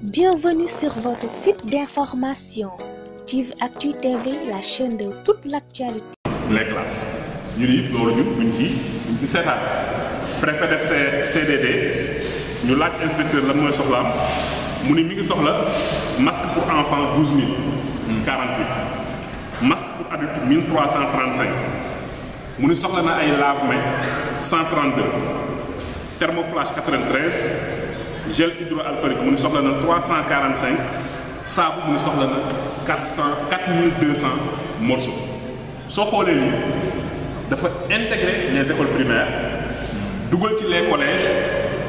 Bienvenue sur votre site d'information Tivactu TV la chaîne de toute l'actualité. les classes ñu ni loolu ñu buñ ci buñ ci seetaan préfet def CDD ñu laaj inspecteur lan mooy soxlaam mu ni mi ngi soxla masque pour enfant douze mille cent trente cinq mu ni soxla na ay lave-mains gel hydroalcoolique mu ni soxla na 345 saabu mu ni soxla na 400 4200 morceaux soo xoolee lii dafa intégrer les écoles primaires dugal ci les collèges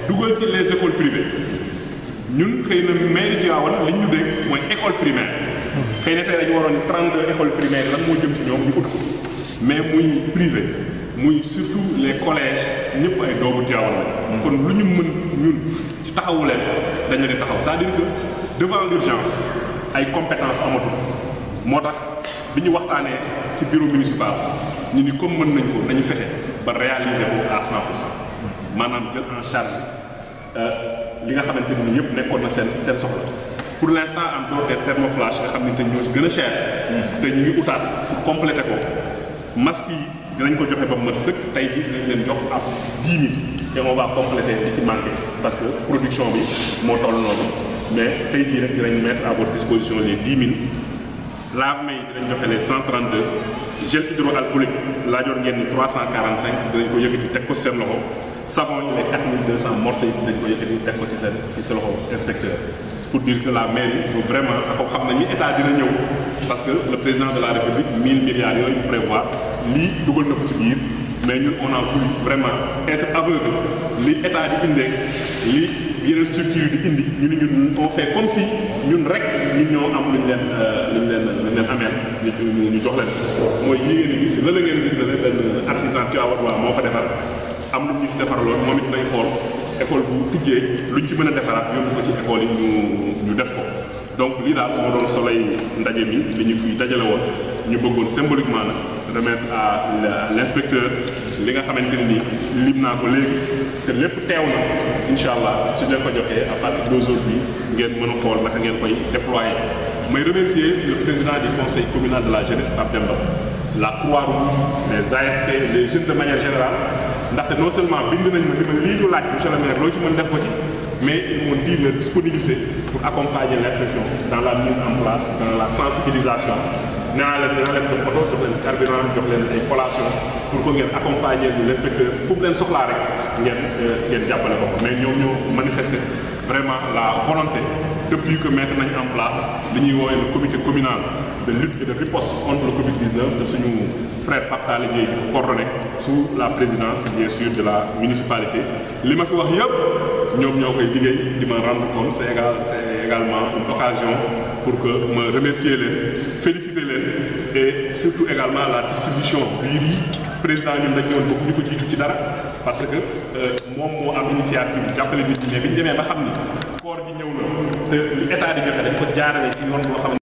dugal ci les écoles privées ñun xëy na mairie Tivaouane li ñu dégg mooy école primaire hmm. xëy na tey dañu waroon 32 écoles primaires lan moo jëm ci ñoom ñu ut ko mais muy privé muy surtout les collèges ñëpp ay doomu Tiwaawan la kon lu ñu mën ñun ci taxawu leen dañu leen taxaw c'est-à-dire que devant l'urgence ay compétence amatul moo tax bi ñu waxtaanee ci bureau municipal ñu ni comme mën nañ ko nañu fexe ba réaliser ko à 100 pour cent maanaam jël en charge euh, li nga xamante ni yëpp nekkoon na seen seen soxla pour l'instant en dehors des thermoflash nga xam ne te ñoo ci gën a cher mm. te ñu ngi utaat pour compléter ko dinañ ko joxe ba mu mat sëkk tey jii dinañ leen jox ab 10 000 te on va compléter li ci manqué parce que production bi moo toll noonu mais tey jii rek dinañ mettre à votre disposition les 10 000 lave-mains yi dinañ joxe les 132 gel hydroalcoolique laajoon ngeen ni 345 dinañ ko yëkkati teg ko seen loxo savon yi les 4200 morceaux yi dinañ ko yëkkati teg ko ci seen ci sa loxo inspecteur. pour dire que la mairie il faut vraiment xam nañ ni état dina ñëw lii dugal na ko ci biir mais ñun on a voulu vraiment être aveugle li état di indee li yeneen structure yi di indi ñu ne ñun on fait comme si ñun rek ñun ñoo am luñ leen euh, luñ leen luñ leen ñu ñu jox leen mooy yii ngeen gis la la ngeen gis la leen artisan Tivaouane waa moo ko defar am lu ñu ci defaraloon moom it nañ xool école bu tijjee luñ ci mën a defaraat yóbbu ko ci école yi ñu ñu def ko donc lii daal moo doon soloy ndaje mi li ñu fiy dajale woon ñu bëggoon symboliquement nag remettre à l'inspecteur li nga xamante ne nii lim naa ko léegi te lépp teew na incha allah su ñu ko joxee à partir d'aujourd'hui ngeen mën a xool naka ngeen koy déployer. may remercier le président du conseil communal de la jeunesse Pape Demba la Croix-Rouge les ASP les jeunes de manière générale ndaxte non seulement bind nañ ma li lii ñu laaj monsieur le maire loo ci mën def ko ci. mais ils m'ont dit leur disponibilité pour accompagner l'inspection dans la mise en place, dans la sensibilisation. naa leen dinaa leen jox oto jox leen carburant jox leen ay collation pour que ngeen accompagner lu l'inspecteur fu mu leen soxlaa rek ngeen euh, ngeen jàppale ko mais ñoom ñoo manifesté vraiment la volonté depuis que mettre nañ en place li ñuy woowee le comité communal de lutte et de riposte contre le Covid-19 de suñu frère Pape Talla Dièye di ko coordonné sous la présidence bien sûr de la municipalité li ma fi wax yëpp ñoom ñoo koy liggéey di ma rendre compte c'est égal c'est également une occasion pour que ma remercier leen féliciter leen et surtout également la distribution biir yi président ñun dañ ñoon bokk ñu ko jiitu ci dara parce que euh, moom moo am initiative bi jàppale nit ñi bi ñu demee ba xam ni koor gi ñëw na te état di joxe dañ ko jaarale ci yoon boo xam